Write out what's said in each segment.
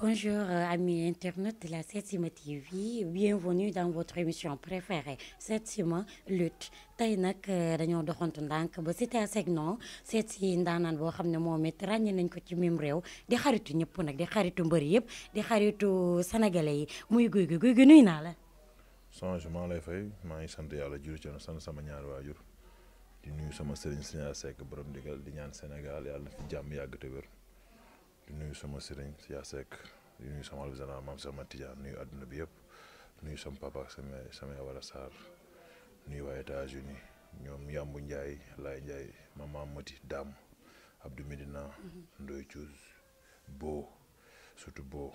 Bonjour euh, amis internautes de la Setsima TV bienvenue dans votre émission préférée Setsima lutte tey nag euh, dañoo doxantu ndànk ba Cité Asegno seet si ndaanaan boo xam ne moom it ràññee nañ ko ci mim réew di xaritu ñëpp nag di xaritu mbër yëpp di xaritu sénégalais yi muy guy gi guy gi nuyu naa la. changement lay fay maa ngi sant yàlla jur ci sant sama ñaari waajur di nuyu sama sëriñ Sina Seck borom ndigal di ñaan Sénégal yàlla fi jàmm yàgg te di nuyu sama sëriñ si Yasek di nuyu sama albu général sama Tijaan nuyu àdduna bi yëpp nuyu sama papa ak sama sama wala Sarr nuyu waa États-Unis ñoom Yambu Njaay Laay Njaay maman Mati Dame Abdou Medina mhm. Ndoy Cuus Boo surtout Boo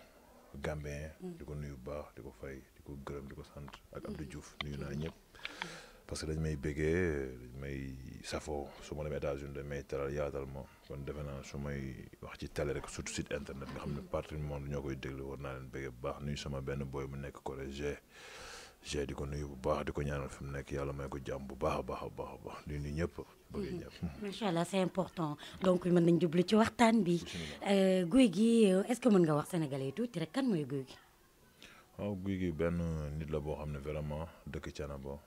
Gambien mhm. di ko nuyu baax di ko fay di ko gërëm di ko sant ak Abdou mhm. Diouf nuyu naa ñëpp parce que dañ may béggee dañ may safoo su ma demee États-Unis dañ may teral yaatal ma kon defe naa su may wax ci télé rek surtout site internet nga xam ne partout du ñoo koy déglu war naa leen béggee bu baax nuyu sama benn boy mu nekk collège G di ko nuyu bu baax di ko ñaanal fi mu nekk yàlla may ko jàmm bu baax a baax a baax a baax nuyu ñëpp. bëggee ñëpp mhm. macha allah c'est important donc mën nañ jublu ci waxtaan bi. Euh, guy gi est-ce mën nga wax sénégalais tuuti kan mooy guy gi. waaw guy gi benn boo xam ne vraiment dëkk Thiénaba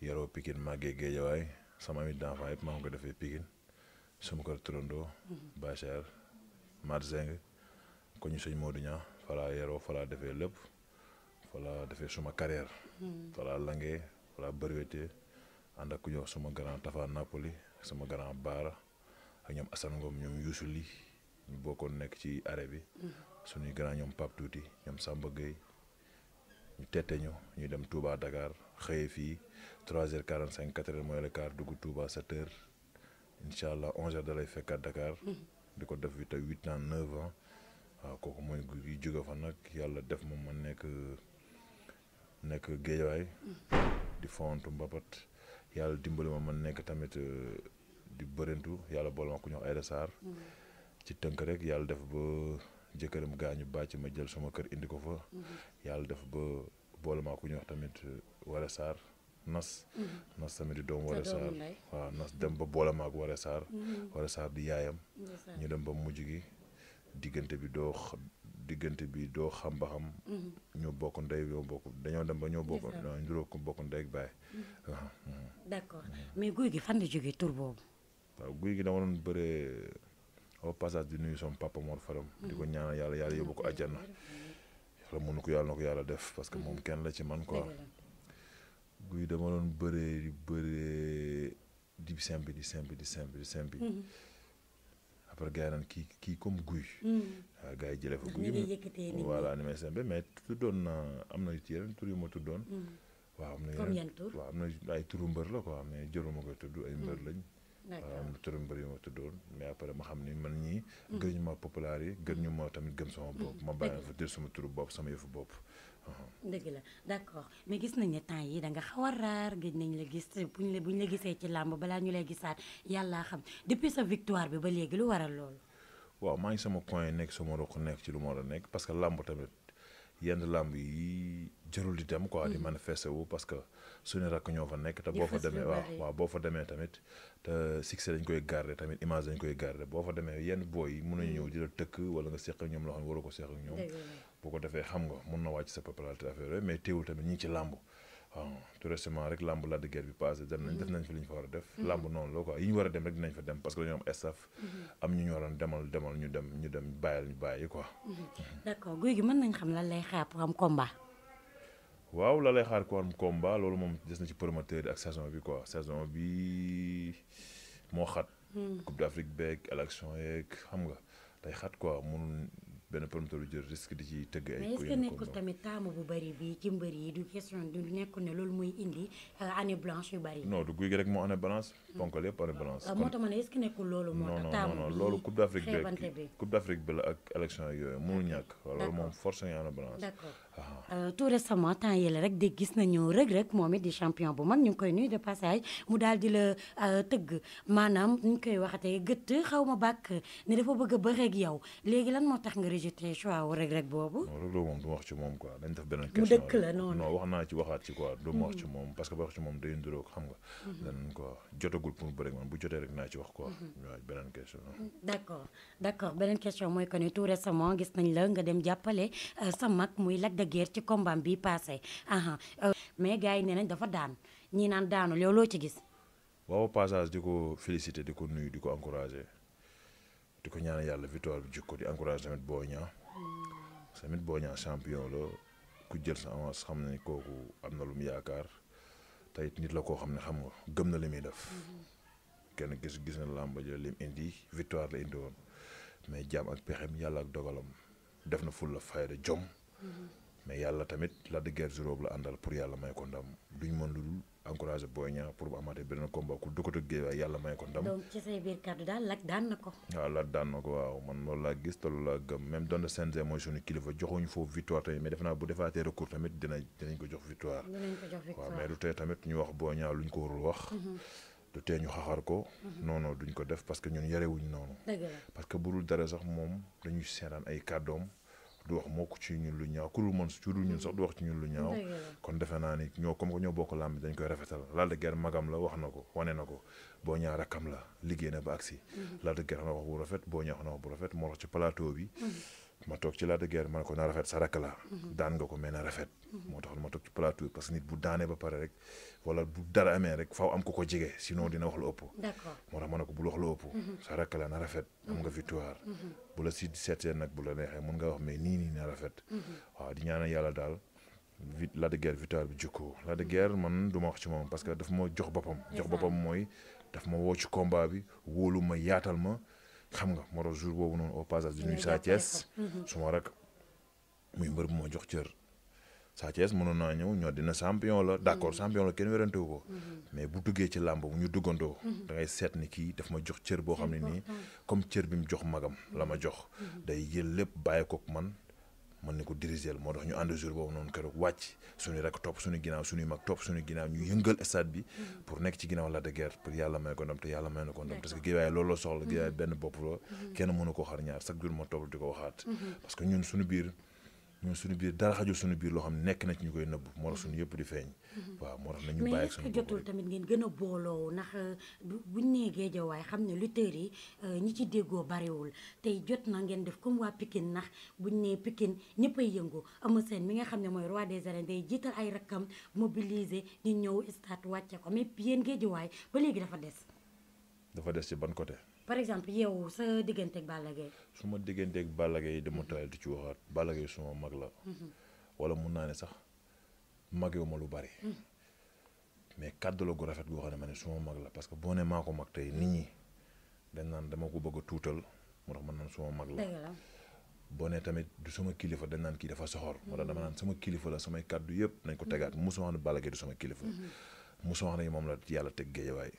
yaroo Pikine màggee Géejawaay sama ami d'enfant yëpp maa ko defee Pikine suma kër turandoo mhm. Bachar Mat Zeng ko ñu sëñ Modou Niang falaa yaroo falaa defee lépp falaa defee suma carrière mhm. falaa langee falaa bëriwetee ànd ak ku jox suma grand Tafa Napoli sama grand Baara ak ñoom Assane Ngom ñoom Youssou Ly ñu bokkoon nekk ci arrêt bi mhm. suñuy grand ñoom Pape Tuuti ñoom Samba ñu tette ñu ñuy dem Touba Dakar xëye fii 3 heures cinq 4 heures mooy le quart dugg Touba 7 heures incha allah 11 heures da lay fekkaat Dakar. Mm. di ko def huit huit ans neuf ans waaw kooku mooy yu jóge fa nag yàlla def moom ma nekk nekk géejawaay mm. di font mbapat yàlla dimbali ma ma nekk tamit euh, di bërintu yàlla boole ma ku ñu wax Aïda Sarr mm. ci tënk rek yàlla def ba jëkkëram gaañu bàcc ma jël sama kër indi ko fa. Mhm. yàlla def ba boole maa ku ñuy wax tamit euh, Wara Sarr nas. Mhm. nas tamit di doom Wara Sarr waaw nas dem ba boole maak ku Wara Sarr. saar mhm. Sarr di yaayam. ñu dem ba mujj gi diggante bi doo bi doo xam ba xam. ñoo bokk ndey ñoo bokk dañoo dem ba ñoo bokk. waaw ñu ko bokk ndey baay. d'accord guy gi fan la jógee tur boobu. waaw guy gi dama doon bëree. au passage di nuyu sama papa Mor Faram. Mm. di ko ñaanal yàlla yàlla yóbbu ko àjjana. yàlla mënu ko yàlla na ko yàlla def parce que mm. moom kenn la ci man quoi. guy dama doon bëree di bëree di simpi di simpi di simpi di simpi. Mm-hmm. après gars naan kii kii comme guy. waaw mm. ah, gars yi jëlee fa guy. voilà ni may simpi mais tuddoon na am na yeneen tur yu ma tuddoon. waaw am na yeneen waaw am na ay turu mbër la quoi mais jëluma ko tudd ay mbër lañ. Euh, turam bëri ma tuddoon mais ma xam ni man ñii gën ñu ma populaire yi gën ñu ma tamit gëm sama bopp mm-hmm. ma bàyyi fa jël sama turu bopp sama yëfu bopp uh-huh. dëgg la d'accord mais gis nañ ne temps yi da nga xaw a raar gëj nañ la gis buñ la buñ la gisee ci làmb balaa ñu lay gisaat yàllaa xam depuis sa victoire bi ba léegi lu waral loolu waaw maa ngi sama coin nekk suma roq nekk ci lu ma war a nekk parce que làmb tamit yenn làmb yi jërul di dem quoi di mm-hmm. manifester wu parce que suñu rakk ñoo fa nekk te boo fa demee waaw waaw boo fa demee tamit te succès dañ koy garder tamit image dañ koy garder boo fa demee yenn booy yi mën nañu ñëw di la tëkk wala nga seq ak ñoom loo xam ne waroo ko seq ñoom ko defee xam nga mun na wàcc sa popularité affaire yooyu mais teewul tamit ñi ngi ci làmb waaw tout récemment def nañ fi li ñu fa war a def mm-hmm. làmb noonu la quoi yi ñu war a dem rek dinañ fa dem parce que dañoo am staff mm-hmm. am ñu ñu demal demal ñu dem ñu dem bàyyil ñu bàyyi quoi mm-hmm. d'accord guy gi mën nañ xam lan lay xaar pour am waaw la lay xaar ko am combat loolu moom des na ci promoteur yi ak saison bi quoi saison bi moo xat. Hmm. Coupe d'Afrique beeg élection yeeg xam nga day xat quoi mun benn promoteur bu jël risque di ci tëgg ko est-ce que bi loolu muy indi euh, année blanche yu bari. rek moo année balance. Hmm. ponkal yëpp année balance. Euh, kon loolu. moo tax taamu loolu Coupe d'Afrique beeg Coupe bi la ak élection yooyu mënul ñàkk. d'accord loolu moom forcé année balance. Euh, tout récemment temps yële rek de gis nañu Reug Reug moom it di champion bu mag ñu ngi koy nuyu de passage mu daal di la euh, tëgg maanaam ñu koy waxatee gëtt xaw ma bàkk ne dafa bëgg a bëreeg yow léegi lan moo tax nga rejeté choix wu Reug Reug boobu. non loolu moom du ma wax ci moom quoi dañ def beneen question. mu dëkk la noonu non naa ci waxaat wax mm-hmm. mm-hmm. ko jotagul pour mu bëreeg man wax quoi. waaw mm-hmm. beneen question. d' accord d' accord beneen mooy que ni tout récemment gis nañ la nga dem jàppale euh, sa mag muy Lac de guerre ci combat bi passé euh, mais gars yi nee nañ dafa daan ñii naan daanu yow loo ci gis. waaw passage di ko félicité di ko nuyu di ko encouragé di ko ñaan yàlla victoire bi jikko di encouragé tamit boo ñaa hmm. tamit boo ñaa champion la ku jël sa avance xam ne kooku am na lu mu yaakaar te it nit la koo xam ne xam nga gëm na li muy def. Hmm. kenn gis gis na làmb ja lim indi victoire la indi woon mais jaam ak pexem yàlla ak dogalam def na ful la fayda jom hmm. mais yàlla tamit Lac de Guiers juróom la àndal pour yàlla may ko ndam duñ mën lu dul encouragé Boy Niang pour bu amaatee beneen combat ku dëkkat ak Guédiawaye yàlla may ko ndam. donc na ko. waaw Lac daan ko waaw man loolu laa gis te loolu laa gëm même donte CNG mooy suñu kilifa joxuñu foofu victoire tamit mais defe naa bu defaatee recours tamit dina dinañ ko jox victoire. dinañ ko jox waaw mais du tee tamit ñu wax Boy Niang luñ ko warul wax. Mhm. du tee ñu xaxar ko. Mhm. non duñ ko def parce que ñun yarewuñ noonu. parce que bu dul dara sax moom dañuy seetaan ay kàddoom du wax moo ko ci ñun lu ñaaw ku dul man su dul ñun sax du wax ci ñun lu ñaaw kon defe naa ni ñoo comme que ñoo bokk làmb dañ koy rafetal Lac de Guiers magam la wax na ko wane na ko boo ñaa rekkam la liggéey na ba agsi mhm. Lac de Guiers xanaa wax bu rafet boo ñaa na wax bu rafet moo tax ci plateau bi mhm. ma toog ci Lac de Guiers ko na rafet sa rakk la daan nga ko mais na rafet moo tax ma toog ci plateau parce que nit bu daanee ba pare rek wala bu dara amee rek faw am ko ko jege sinon dina wax lu ëpp moo tax ma ne ko bul wax lu ëpp mhm. sa rakk la na rafet am nga mhm. victoire mhm. bu la si seetee nag bu la neexee mun nga wax mais nii nii na rafet waaw di ñaanal yàlla daal vi Lac de Guiers victoire bi jukkoo Lac de Guiers man duma wax ci moom parce que dafa ma jox boppam jox boppam mooy daf ma woo ci combat bi wóolu ma yaatal ma xam nga moro jour boobu noonu au passage di nuyu Sa Thiès mhm. suma rek muy mbër bu ma jox cër Sa Thiès mënoon naa ñëw ñoo dina champion la d'accord mhm. champion la kenn werantewu ko mhm. mais bu duggee ci làmb bu ñu duggandoo da seet ni kii daf ma jox cër boo xam ne nii comme cër bi mu jox magam la ma jox day jël lépp bàyyi kook man mën na ko diriger moo tax ñu ànd boobu noonu keroog wàcc suñu rek topp suñu ginnaaw suñuy mag topp suñu ginnaaw ñu yëngal stade bi mm-hmm. pour nekk ci ginnaaw Lac de pour yàlla may ko ndam te yàlla may na ko ndam parce que Guédiawaye loolu soxla mm-hmm. Guédiawaye benn bopp la mm-hmm. kenn mënu ko xar ñaar chaque jour ma topp di ko waxaat parce que ñun suñu biir ñun suñu biir dara xajul suñu biir loo xam nekk na ci ñu koy nëbb moo tax suñu yëpp di feeñ. Mhm. waaw moo tax nañu bàyyi ak suñu jotul tamit ngeen gën a booloo ndax euh, buñ nee géejawaay xam ne lu yi euh, ñi ci déggoo bariwul tey jot na ngeen def comme waa Pikine ndax buñ nee Pikine ñëpp ay yëngu Eumeu seen mi nga xam ne mooy roi des arènes day jiital ay rakkam mobiliser ñu ñëw stade wàcce ko mais yéen géejawaay ba léegi dafa des. dafa des ci ban côté. par exemple yow sa digganteeg Balla Gaye su ma digganteeg Balla Gaye dama traité ci waxaat Balla suma mag la wala mun naa ne sax magewu ma lu bari mais kàddu la gu rafet goo xam ne ma ne suma mag la parce que boo ne maa ko mag tey nit ñi dañ naan dama ko bëgg a tuutal moo tax man naan suma mag la boo ne tamit du sama kilifa dañ naan kii dafa soxor moo tax dama naan sama kilifa la samay kàddu yëpp nañ ko tegaat mosuma wax ne Balla sama kilifa mosuma moom la yàlla teg géejawaay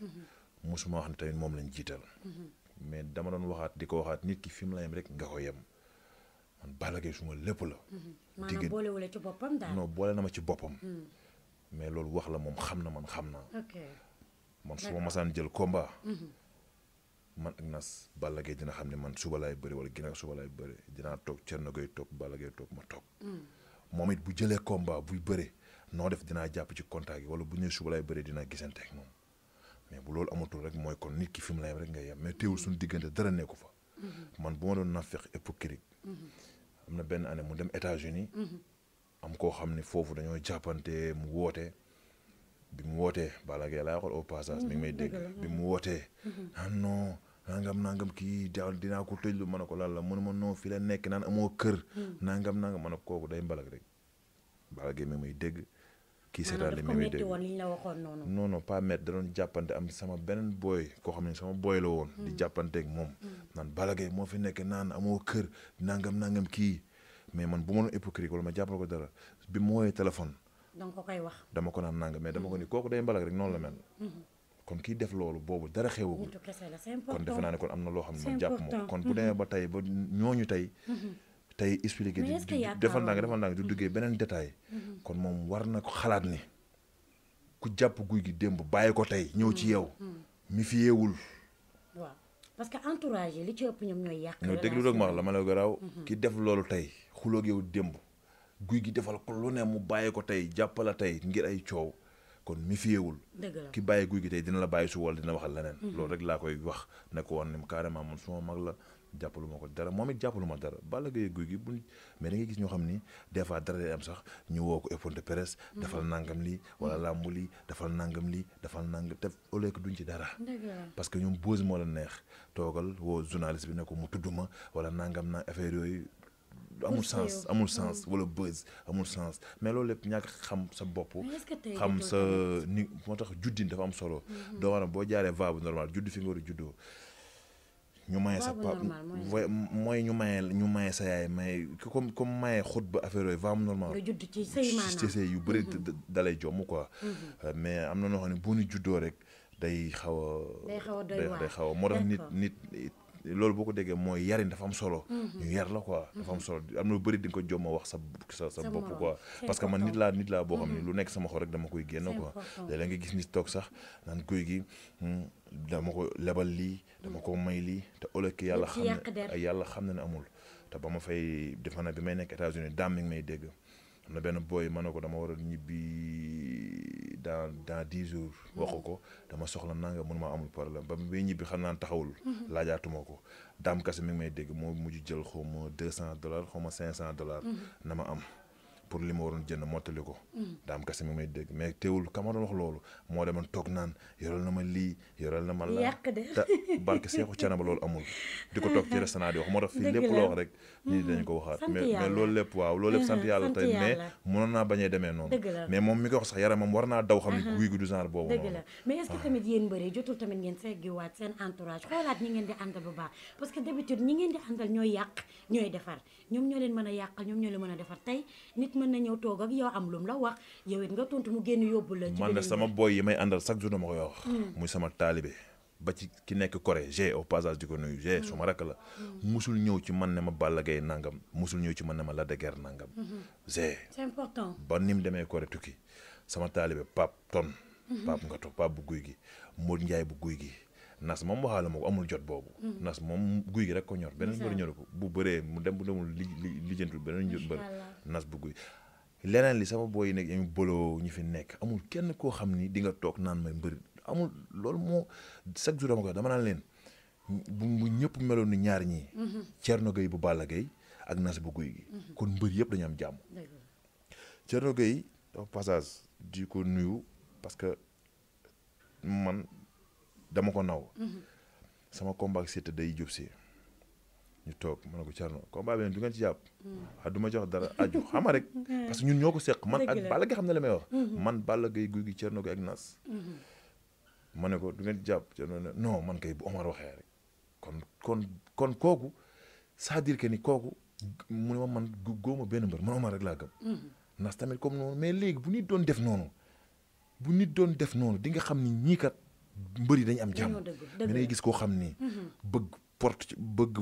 mosuma wax ne tamit moom lañ jiital mais dama doon waxaat di ko waxaat nit ki fi mu la yem rek nga ko yem man Balla suma lépp la. Mhm. maanaam boolewule boole na ma ci boppam. Mhm. mais loolu wax la moom xam na man xam naa. man su ma masaan jël combat. Mhm. man ak nas Balla dina xam ne man suba laay bëri wala ginnaaw suba laay bëri dinaa toog Thierno Gueye toog Balla Gaye toog ma toog. moom it bu jëlee komba buy bëri noo def dinaa jàpp ci contact yi wala bu ñëwee suba lay bëri dinaa gisante ak moom. mais bu loolu amatul rek mooy kon nit ki fi mu lay rek nga yem mais teewul suñu diggante dara nekku fa. man bu ma doon nafeq hypocrite. am na benn année mu dem États-Unis am koo xam ne foofu dañoo jàppante mu woote. bi mu wootee Balla Gaye laa xool au passage mi ngi may dégg bi mu wootee naan ah non nangam nangam kii daal dinaa ko tëjlu ma ne ko lan la mënu ma non fii la nekk naan amoo kër hmm. nangam nangam ma ne kooku day mbalag rek Balla Gaye mi ngi may dégg kii seetaale Mimi 2000 woon li ñu la waxoon noonu non non pas jàppante am sama beneen booy koo xam ne sama booy la woon di mm. jàppanteek moom mm. naan Balla Gaye moo fi nekk naan amoo kër nangam nangam kii mais man bu ma doon hypocrite wala ma jàpp ko dara bi ma wooyee téléphone danga wax dama ko naan nangam mais ko ni mm. kooku day mbalag rek noonu mm-hmm. kon kiy def loolu boobu dara xewagul kon defe naa ne kon am na loo xam ne man jàpp ma kon bu mm-hmm. demee ba tey ba ñooñu tey mm-hmm. tey expliqué. mais est defal naa defal naa du duggee beneen mm-hmm. détail. kon moom war na ko xalaat ni ku jàpp guy gi démb bàyyi ko tey. ñëw ci mm-hmm. yow. Mm-hmm. mi fi yeewul. waaw parce que entourage ñoo déglu rek ma la ma la garaaw. ki def loolu tey xulóog yow démb guy gi defal ko lu ne mu bàyyi ko tey jàppala tey ngir ay coow. kon mi fiyeewul ki bàyyi guy gi tey dina la bàyyi su wal dina waxal leneen loolu rek laa koy wax ne ko woon ni carrément man suma mag la jàppalu ma ko dara moom it jàppalu ma dara Balla Gaye guy gi buñ mais da ngay gis ñoo xam ni des fois dara day am sax ñu woo ko épponte presse mm-hmm. defal nangam li wala mm-hmm. làmbu lii defal nangam li defal nangam te au lieu que duñ ci dara parce que ñoom bose moo la neex toogal woo journaliste bi ne ko mu tudd ma wala nangam na affaire yooyu amul sens amul sens mm-hmm. wala buzz amul sens mais loolu lépp ñàkk xam sa bopp xam sa ni moo tax juddin dafa am solo doo war boo jaaree va bu normal juddu fi nga war ñu maye sa pap mooy ñu maye ñu maye sa yaay maye comme comme maye xot ba affaire yooyu vaam normal ci sëy yu bëri mm-hmm. dalay jomm quoi mm-hmm. euh, mais am na noo xam ne boo ñu juddoo rek day xaw a day xaw a moo tax nit nit loolu boo ko déggee mooy yarin dafa am solo mm-hmm. ñu yar la quoi dafa am solo am na lu bëri di nga ko ma wax sa sa sa bopp quoi parce que man nit laa nit laa boo xam ne lu nekk sama xol rek dama koy génn quoi léeg-léeg nga gis nit toog sax naan guy gi hmm, dama ko lebal lii dama ko may lii te ëllëg yàlla xam ne yàlla xam na ne amul te ba ma fay defe naa bi may nekk États-Unis daam mi ngi may dégg am na benn booy ma ne ko dama war a ñibbi dans dans dix jours hmm. waxu ko dama soxla nanga mun ma amul problème ba mu bay ñibbi xam naa taxawul hmm. laajaatuma ko daam kase mi ngi may dégg moo mujj jël xaw ma deux cent dollars xaw ma cinq cent dollars hmm. na ma am pour li ma waroon jënd mottali ko. Mm. daam kese mi may dégg mais teewul ka ma doon wax loolu moo demoon toog naan yoral na ma lii yoral na ma la. yàq de te barke Seexu Canaba loolu amul. di ko toog ci restaurant di wax moo tax fii lépp loo wax rek. nii mm. dañ ko waxaat mais mais loolu lépp waaw loolu lépp sant yàlla tey mais mënoon naa bañee demee mi ko wax sax yaramam war naa daw xam ne guy gi ah. ñi ngeen di àndal bu yàq ñooy defar ñoom ñoo leen mën a yàqal ñoom ñoo leen mën a defar tey nit man na ñëw toog ak yow am lum la wax yow it nga tontu mu génn yóbbu la. ci man de sama boy yi may àndal chaque jour dama ko wax. Hmm. muy sama taalibe ba ci ki nekk Corée j'ai au passage di ko nuyu j'ai hmm. suma rakk la. Hmm. musul ñëw ci man ne ma Balla Gaye nangam musul ñëw ci man ne ma Lac de nangam. j'ai c'est important ba ni mu demee Corée tukki sama taalibe Pape Tonn. Pape Ngato Pape bu guy gi Modou Ndiaye bu guy gi. nas moom waxaala ma ko amul jot boobu mm. nas moom guy gi rek ko ñor benn mbër ñoru ko bu bëree mu dem bu demul li lijjantul beneen mbër nas bu guy leneen li sama booy yi nekk ñu boloo ñu fi nekk amul kenn koo xam ni di nga toog naan may mbër amul loolu moo chaque jour dama ko dama naan leen bu ñëpp meloon ni ñaar ñii mm-hmm. Thierno bu Balla Gaye ak nas bu guy gi mm-hmm. kon mbër yëpp dañu am jàmm Thierno Gueye dama ko naw. Mhm. sama combat ak Siteu day jub si. ñu toog mën na ko Thierno combat bi du ngeen ci jàpp. Mhm. ah du ma jox dara aju ah, xama rek. parce que ñun ñoo ko seq man ak Balla Gaye xam ne la may wax. Mhm. man Balla Gaye guy gi Thierno gi ak Nas. ma ne ko du ngeen ci jàpp Thierno ne non man kay bu Omar waxee rek. kon kon kon kooku c'est-à-dire ni kooku mu ne ma man góoma benn mbër man Omar rek laa gëm. Nas tamit comme noonu mais léegi bu nit doon def noonu. bu nit doon def noonu di mbër yi dañu am jàmm mais da ngay gis koo xam ni mm-hmm. bëgg port bëgg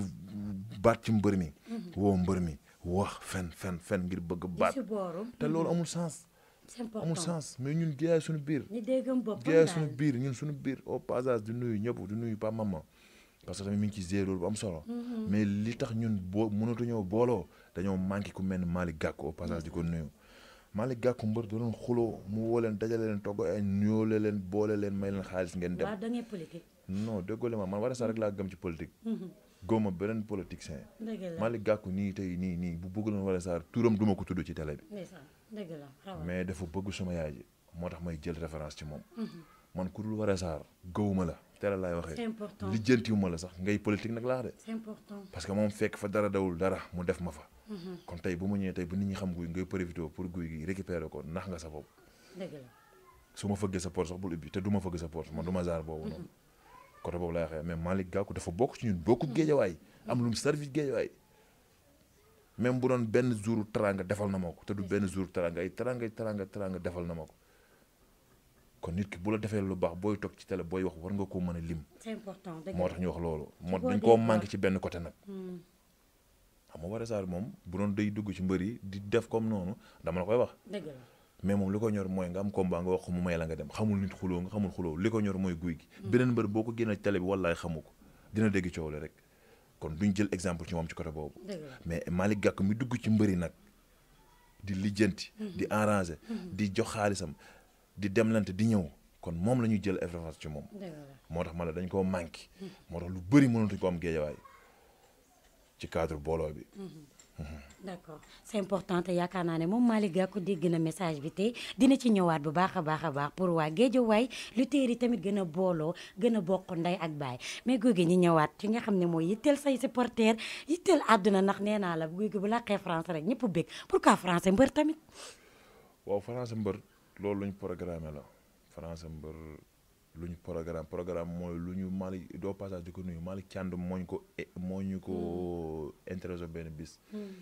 baat ci mbër mi mm-hmm. woo mbër mi wax fen fen fen ngir bëgg baat te loolu mm-hmm. amul sens amul sens mais ñun géyaay suñu biir géyaay suñu biir ñun suñu biir au passage du nuyu ñëpp du nuyu pa mama parce que tamit mi ngi ci gérer loolu bu am solo mais li tax ñun boo ñëw booloo dañoo manqué ku mel ni Malick Gakou au passage di ko nuyu Malick Gakou mbër da doon xuloo mu woo leen dajale leen togg ay ñoole leen boole leen may leen xaalis ngeen dem. waaw da ngeen ma man war a sax rek laa gëm ci politique. Mhm. góoma beneen politicien. dëgg la gàkku Gakou nii tey nii nii bu bëgg war a saar turam duma ko tudd ci tele bi. mais dafa bëgg suma yaay ji moo tax may jël référence ci moom. Mhm. man ku dul war a saar gëwuma la. télé laay waxee li lijjantiwuma la sax ngay politique nag laax de. parce que moom fekk fa dara dawul dara mu def ma fa. kon tey bu ma ñëwee tey bu nit ñi xam guy ngay profité pour guy gi récupérer ko nax nga sa bopp. su ma fëggee sa porte sax bul ubbi te du ma fëgg sa porte ma du ma zaar boobu noonu. Mm-hmm. côté boobu laay waxee mais Malick Gakou dafa bokk ci ñun bokku mm-hmm. géejawaay am lu mu service géejawaay même bu doon benn jour teranga defal na ma ko te du benn jour teranga ay teranga ay teranga teranga defal na ma ko kon nit ki bu la defee lu baax booy toog ci télé booy wax war nga koo mën a lim. c'est moo tax ñu wax loolu. moo dañ koo manqué ci benn côté nag. Mm. xam nga Bara moom bu doon day dugg ci mbër yi di def comme noonu dama la koy wax. mais moom li ko ñor mooy nga am combat nga wax mu may la nga dem xamul nit xuloo nga xamul xuloo li ko ñor mooy guy gi. Mm. beneen mbër boo ko génnee télé bi wallaay xamu ko dina dégg coow la rek kon duñ jël exemple ci moom ci côté boobu. mais Malick gàkk mi dugg ci mbëri nag di lijjanti. Mm-hmm. di arranger. Mm-hmm. di jox xaalisam di dem demlante di ñëw. kon moom la ñuy jël référence ci moom. moo tax ma dañ koo manqué. Mm. moo lu bëri mënatuñ ko am ci cadre booloo bi. d' accord c' important te yaakaar naa ne moom Malick Gakou dégg na message bi te dina ci ñëwaat bu baax a baax a baax pour waa Géejawaay lutteurs yi tamit gën a booloo gën a bokk ndey ak baay mais guy gi ñu ñëwaat ci nga xam ne mooy yitteel say supporter yitteel àdduna ndax nee naa la guy gi bu làqee France rek ñëpp bëgg pourquoi France mbër tamit. waaw France mbër loolu luñ programmé la France mbër. lu ñu programme programme mooy lu ñu Malick doo passage di ko nuyu Malick Thiand mooñ ko e, moo ñu ko hmm. intéressé benn bis hmm.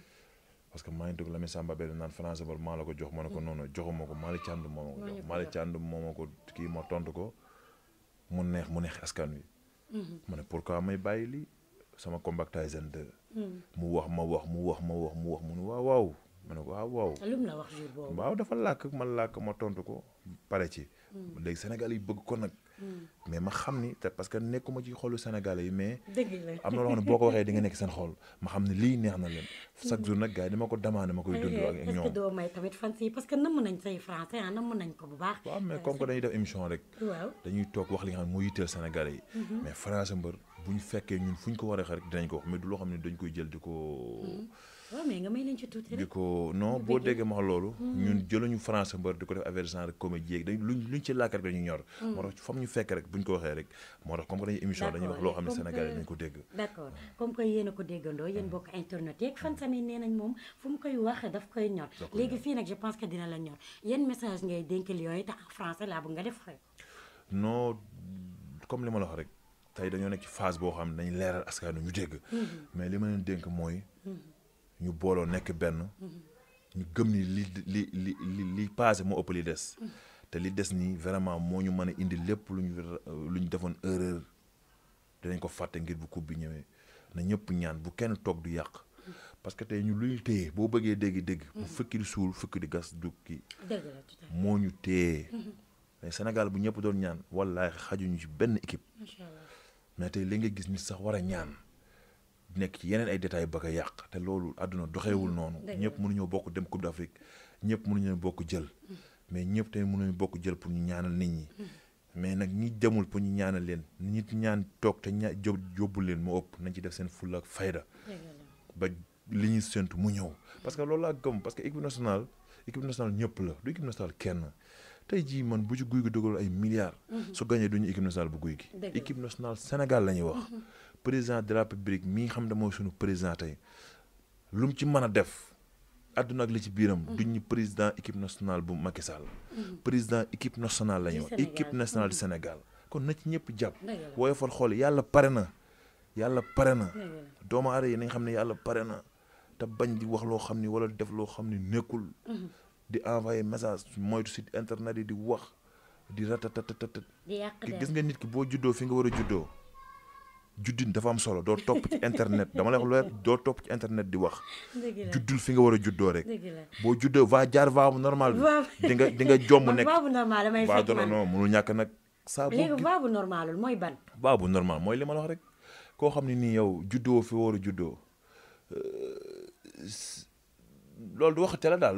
parce que maa ngi la Lamine Samba benn naan français bal maa la ko jox ma ko hmm. noonu joxuma ko Malick Thiand moo ma ko jox Malick Thiand moo ma ko kii ma tontu ko mu neex mu neex askan wi ma ne pourquoi may bàyyi lii sama combat Tyson mu wax ma wax mu wax ma wax mu wax mu ne waaw waaw ma ne ko ah, waaw waaw. waaw dafa làkk man làkk ma tontu ko pare ci. Hmm. léegi Sénégal yi bëgg ko nag. Hmm. mais ma xam ni te parce que nekkuma ci xolu Sénégalais yi mais. am na loo ne boo ko waxee di nga nekk seen xol ma xam ne lii neex na leen. Hmm. chaque jour nag gars ko demandé ma koy dund eh, ak ñoom. est parce que namm nañ say français ah namm nañ ko bu baax. waaw mais comme que dañuy def émission rek. dañuy toog wax li nga xam ne moo yitteel Sénégalais yi. Mm-hmm. mais français mbër bu ñu fekkee ñun fu ñu ko war a waxee rek dinañ ko wax mais du loo xam ne dañ koy jël di koo mm-hmm. waaw mais nga may leen ci tuuti rek. di ko non boo déggee ma wax loolu. Hmm. ñun jëluñu français mbër di ko def affaire genre hmm. waxee rek moo tax loo xam ne Sénégalais dañ ko dégg. Hmm. moom fu mu koy wax daf koy ñor. léegi fii nag je pense que dina la ñor yéen message ngay dénk yooyu tax français laa bëgg nga def xëy. non comme li ma la wax rek tey dañoo nekk ci phase boo xam ne dañ leeral askan ñu dégg mais li ma leen dénk mooy ñu booloo nekk benn ñu gëm ni li li li li li passé moo ëpp li des te li des nii vraiment moo ñu mën a indi lépp lu ñu lu ñu defoon erreur dinañ ko fàtte ngir bu coupe bi ñëwee na ñëpp ñaan bu kenn toog du yàq parce que tey ñu lu ñu téye boo bëggee dégg dégg bu mm-hmm. fukki di suul fukki di gas du kii moo ñu téye mm-hmm. mais Sénégal bu ñëpp doon ñaan wallaay xajuñu ci benn équipe mais te li nga gis nit sax war a ñaan nekk ci yeneen ay détails ba ko yàq te loolu àdduna doxeewul mm-hmm. noonu ñëpp mënuñoo bokk dem Coupe d'Afrique ñëpp mënuñoo bokk jël mm-hmm. mais ñëpp tamit mënuñu bokk jël pour ñu ñaanal nit ñi mm-hmm. mais nag ñi demul pour ñu ñaanal leen nit ñaan toog te ña yóbbu leen moo nañ ci def seen fulla ak fayda ba li ñuy séntu mu ñëw parce que loolu laa gëm parce que équipe nationale équipe nationale ñëpp la du équipe nationale kenn tey jii man bu ci guy gi dugal ay milliards. su gagné duñu équipe nationale bu guy gi. équipe nationale Sénégal la ñuy wax. président de la république mi nga xam ne mooy sunu président tey lu mu ci mën a def àdduna ak li ci biiram mm. duñ ñu président équipe nationale bu Macky Sall mm. président équipe nationale la ñu wax équipe nationale du Sénégal kon na ci ñëpp jàpp wooy woyofal xool yàlla pare na yàlla pare na doomu aadama yi nañ xam ne yàlla pare na te bañ di wax loo xam ni wala def loo xam ni nekkul mm-hmm. di envoyé message moytu site internet yi di wax di ratatatat gis nga nit ki boo juddoo fi nga war a juddoo juddin dafa am solo doo topp ci internet dama lay wax lu doo topp ci internet di wax. juddul fi nga war a juddoo rek. boo juddoo va jaar va bu normal bi. di nga di nga jomm nekk va bu normal damay fekk mënul ñàkk nag. saa bu léegi va bu normal mooy ban. mooy li ma wax rek koo xam ne nii yow juddoo fi war a juddoo euh, loolu du waxate la daal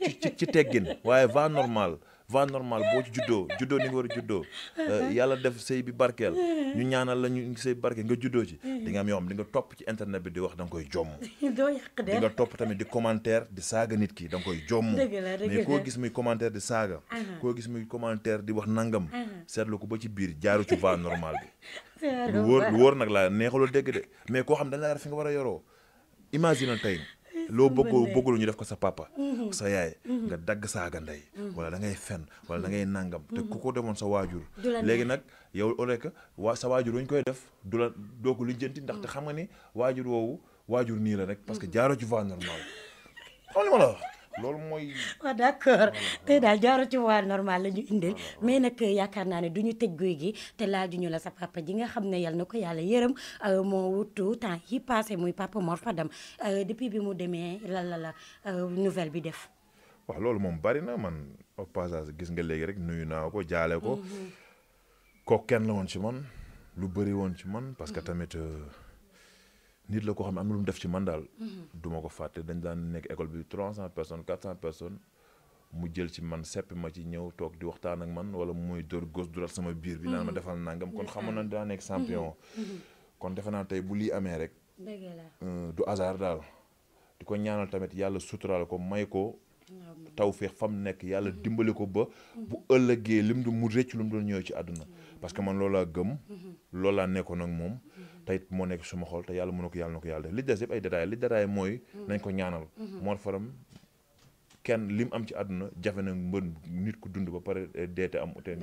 ci ci teggin waaye va normal. voie normal boo ci juddoo juddoo ni nga war a juddoo euh, yàlla def sëy bi barkeel ñu ñaanal la ñu sëy bi barkeel nga juddoo ci mm-hmm. di nga am yoom di nga topp ci internet bi di wax da koy jomm di nga topp tamit di commentaire di saaga nit ki da nga koy jomm mais koo gis muy commentaire di saaga uh-huh. koo gis muy commentaire di wax nangam uh-huh. seetlu ko ba ci biir jaaru ci voie normale bi lu wóor lu wóor nag laa neexaloo dégg de mais koo xam dañ laa yar fi nga war a yoroo imagine tey loo bëggoo bëggul ñu def ko sa papa mm-hmm. sa yaay mm-hmm. nga dagg saaga ndey mm-hmm. wala da ngay fen wala da ngay nàngam te ku ko demoon sa waajur léegi nag yow oleka waa sa waajur wuñ koy def du la doo ko lijjanti ndaxte mm. xam nga ni waajur woowu waajur nii la rek parce que jaaroo ci voie normale xam nga ma la loolu mooy. waaw d' accord tey daal jaaro ci waa normal la ñu indil mais nag yaakaar naa ne du ñu tëj guy gi te ñu la sa papa ji nga xam ne yal na ko yàlla yërëm euh, moo wutu temps yi passé muy papa Mor Fadam euh, depuis bi mu demee la la la euh, nouvelle bi def. waaw loolu moom bari na man au passage gis nga léegi rek nuyu naa ko jaale ko. Mhm. ko kenn la woon ci man lu bëri woon ci man parce que mhm. tamit. nit la ko xam ne am na lu mu def ci man daal. Mhm. du ma ko fàtte dañ daan nekk école bi trois cent personnes quatre cent personnes mu jël ci man seppi ma ci ñëw toog di waxtaan ak man wala muy dóor gos dural sama biir bi. naan ma mhm. defal nangam kon xamoon na daa nekk mhm. champion. kon defe naa tey bu lii amee rek. dëgg la euh, du hasard daal. di ko ñaanal tamit yàlla suturaal ko may ko. taw feex fam nekk yàlla dimbali ko ba. bu ëllëgee lim du mu rëcc lu mu doon ñëwee ci àdduna. parce que man loolaa gëm. loolaa nekkoon ak moom. tey moo nekk suma xol te yàlla mënu ko yàlla na ko yàlla def li des yëpp ay détails li détails mooy. Mm. nañ ko ñaanal. Mm-hmm. Mor Faram kenn li mu am ci àdduna jafe na mbën nit ku dund ba pare eh, deete am te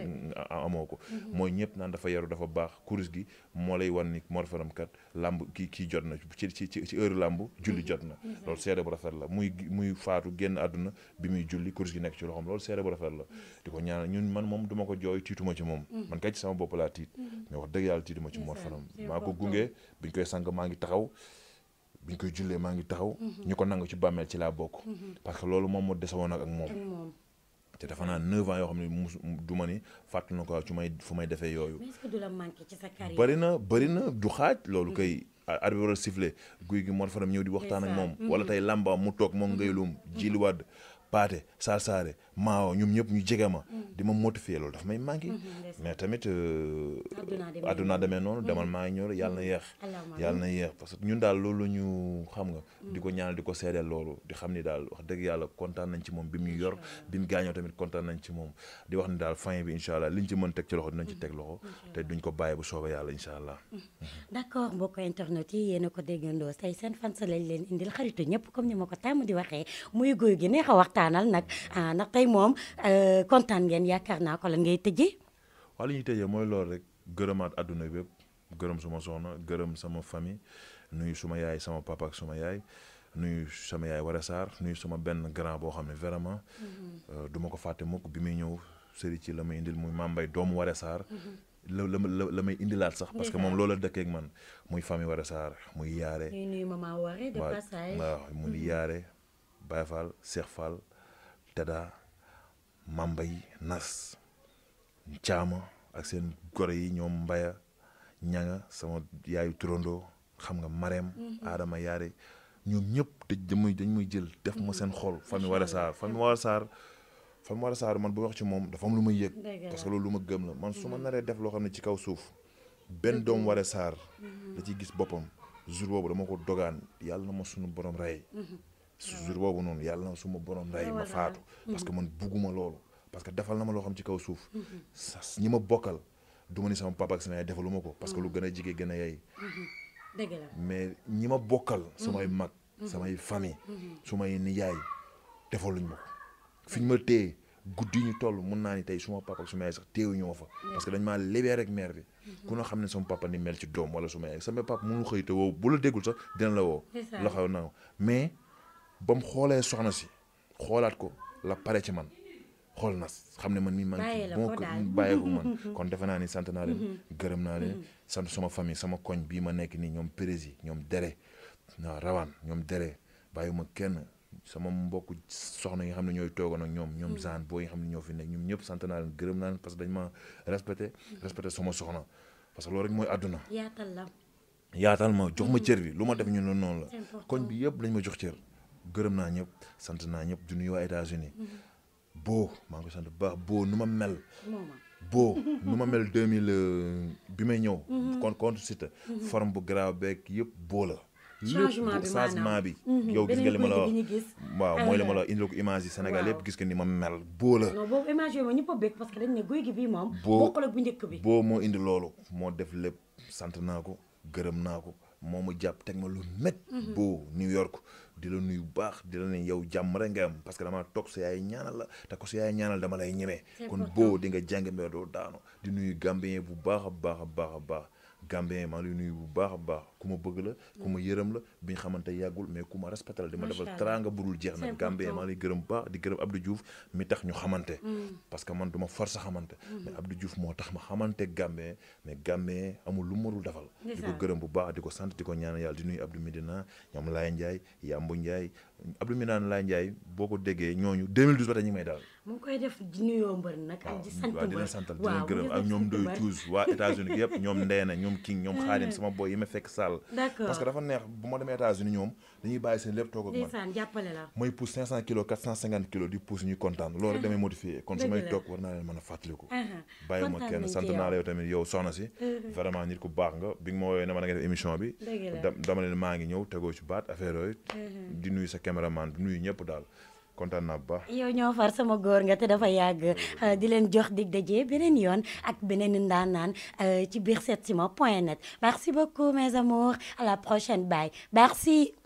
amoo ko mhm. mooy ñëpp naan dafa yaru dafa baax kuris gi moo lay wan ni morfaram kat làmb kii kii jot na ci ci ci heure làmb julli mhm. jot na mhm. loolu seede bu rafet la muy muy faatu génn àdduna bi muy julli kurus gi nekk ci loxoom loolu seede bu rafet la di ko ñaanal ñun man moom duma ko jooy tiituma ci moom man kay ci sama bopp laa tiit mais wax dëgg yàlla tiituma ci moor morfaram maa ko gunge biñ koy sànq maa ngi taxaw bi ñu koy jullee maa ngi taxaw. Mhm. ñu ko nangu ci bàmmeel ci laa bokk. Mhm. parce que loolu moom moo desewoon ak moom. te dafa naa neuf ans yoo xam ne mus du ma ni fàttali na ko ci may fu may defee yooyu. mais est du bari na bari na du xaaj. loolu mhm. kay arbitre war a guy gi moo faram ñëw di waxtaan ak moom. wala tey lamba mu toog moom ngay lum. jiliwaat paate saare maa ñoom ñëpp ñu jege ma. Mm. di ma motiver loolu daf may manqué. Mm-hmm, mais tamit adduna euh, demee noonu demal maa ngi yàlla na mm-hmm. yeex. yàlla na ñun daal loolu ñu xam nga. Mm. di ko ñaanal di ko seedeel loolu di xam ni daal wax dëgg yàlla kontaan nañ ci moom bi mu yor bi mu gaañoo tamit kontaan nañ ci moom di wax ni daal fin bi incha allah liñ ci mën teg ci loxo dinañ ci mm. teg loxo te duñ ko bàyyi bu soobee yàlla incha allah. d'accord mbokk internet a ko déggandoo tey seen ko tàmm a tey moom euh, kontaan ngeen yaakaar naa ko lan ngay tëjee. waaw li ñuy mooy loolu rek gërëmaat adduna bépp gërëm suma soxna gërëm sama famille nuy suma yaay sama papa suma yaay nuyu sama yaay Wara Sarr nuyu sama benn grand boo xam ne vraiment. Mm-hmm. Euh, du ma ko fàtte mukk bi muy ñëw sëri ci la may indil muy mambay doomu Wara Sarr. Mm-hmm. la la la la may indilaat sax parce que moom loola la dëkkeek man muy famille Wara saar muy yaare. muy nuyu maman Waré de passage waaw muy mm-hmm. yaare Baye fal Cheikh Fall Tada. mambay nas caama ak seen gore yi ñoom mbaya ñanga sama yaayu turandoo xam nga mareem mhm. aadama yaare ñoom ñëpp dañ muy dañ muy jël def ma mhm. seen xol famille Wara Sarr famille Wara saar famille Wara Sarr man bu wax ci moom dafa am lu may yëg parce que loolu lu ma gëm la man su ma mhm. naree def loo xam ne ci kaw suuf benn doom Wara Sarr da ciy gis boppam jour boobu dama ko dogaan yàlla na ma sunu borom rey su jour noonu yàlla suma borom rey ma faatu parce que man bugguma loolu parce que defal na ma loo xam ci kaw suuf mhm. sas ñi ma bokkal du ni sama papa ak sama yaay defaluma ko parce que lu mhm. gën a jige gën a yey mhm. ñi ma bokkal samay mag samay famille sumay nijaay defaluñ ma ko fi ñu ma téye ñu toll mun naa ni tey suma papa suma yaay sax téewuñu ma fa parce que dañ maa libéré rek mère bi ku noo xam ne sama papa ni mel ci doom wala suma yaay sama papa mënu xëy te woo bu la déggul sax dina la woo la xaw na mais ba mu xoolee soxna si xoolaat ko la pare ci man xool na xam ne man mii man bon bàyyee ko man kon defe naa ni sant naa mm-hmm. gërëm naa leen mm-hmm. sant sama famille sama koñ bii ma nekk nii ñoom prési ñoom dere waaw rawaan ñoom dere bàyyiwuma kenn sama mbokk soxna yi nga xam ne ñooy toogoon ak ñoom ñoom zaan boo yi xam ne fi nekk ñoom ñëpp sant naa leen gërëm naa leen parce que dañ ma respecté mm-hmm. respecté sama soxna parce que loolu rek mooy àdduna yaatal ma jox ma cër bi lu ma def ñu ne noonu la koñ bi yëpp lañ ma jox cër gërëm naa ñëpp sant naa ñëpp du nuyu waa États-Unis boo maa ngi koy sant boo nu ma mel. boo nu ma mel deux mille euh, bi may ñëw. kon contre site. forme bu garaaw beeg yëpp boo la. changement bi changement bi. Mhm. yow gis nga li ma la wax waaw mooy li ma la wax ah. ko image yi Sénégal yëpp gis nga ni ma mel boo la. non image yooyu moom ñëpp a bëgg parce que dañ ne guy gi bii moom. boo moo indi loolu moo def lépp sant naa ko gërëm naa ko. moo ma jàpp teg ma lu mét mhm. boo New York di la nuyu baax di la ne yow jàmm rek nga am parce que damaa toog sa yaay ñaanal la te ko sa yaay ñaanal dama lay ñemee kon boo di nga jàng mais doo daanu di nuyu Gambien bu baax a baax a baax a baax Gambien maa ngi lay bu baax a baax ku ma bëgg la ku ma yërëm la bi ñu xamante yàggul mais ku ma respecté di ma defal teraanga budul jeex na Gambien maa ngi gërëm gërëm baax di gërëm Abdou Diouf mi tax ñu xamante mm. parce que man du ma force xamante mm. mais Abdou Diouf moo tax ma xamante Gambien mais Gambien amul lu mu defal di ko bu baax di ko sant di ko ñaan yàlla di nuyu Abdou Medina ñoom Laye Ndiaye Yambu Ndiaye Abdou Minane Laye Ndiaye boo ko déggee ñooñu 2012 ba tey ñu ngi may daal. mu koy def di nuyoo mbër nag. ak di sant mbër waaw sant dina gërëm ak ñoom Ndoye Touche waa États-Unis yëpp ñoom ñoom King ñoom Xaadim sama boy yi ma fekk Sall. d'accord que dafa neex bu ma demee États-Unis ñoom dañuy lépp toog ak man. ndeysaan jàppale la. may pousse 500 kilos kilos di pousse ñuy kontaan loolu uh-huh. damay modifié kon su may toog war naa leen mën a fàttaliku. Uh-huh. bàyyi naa la yow tamit yow si. Uh-huh. vraiment nit ku baax nga bi nga ma woowee ne ma nga def émission bi. dama leen maa ngi ñëw tegoo ci baat affaire yooyu di nuyu sa caméraman bi nuyu ñëpp daal kontaan naa bu baax. yow ñoo far sama góor nga te dafa yàgg di leen jox dig daje beneen yoon ak beneen ndaanaan euh, ci biir Setsima point net merci beaucoup mes amours à la prochaine bye merci.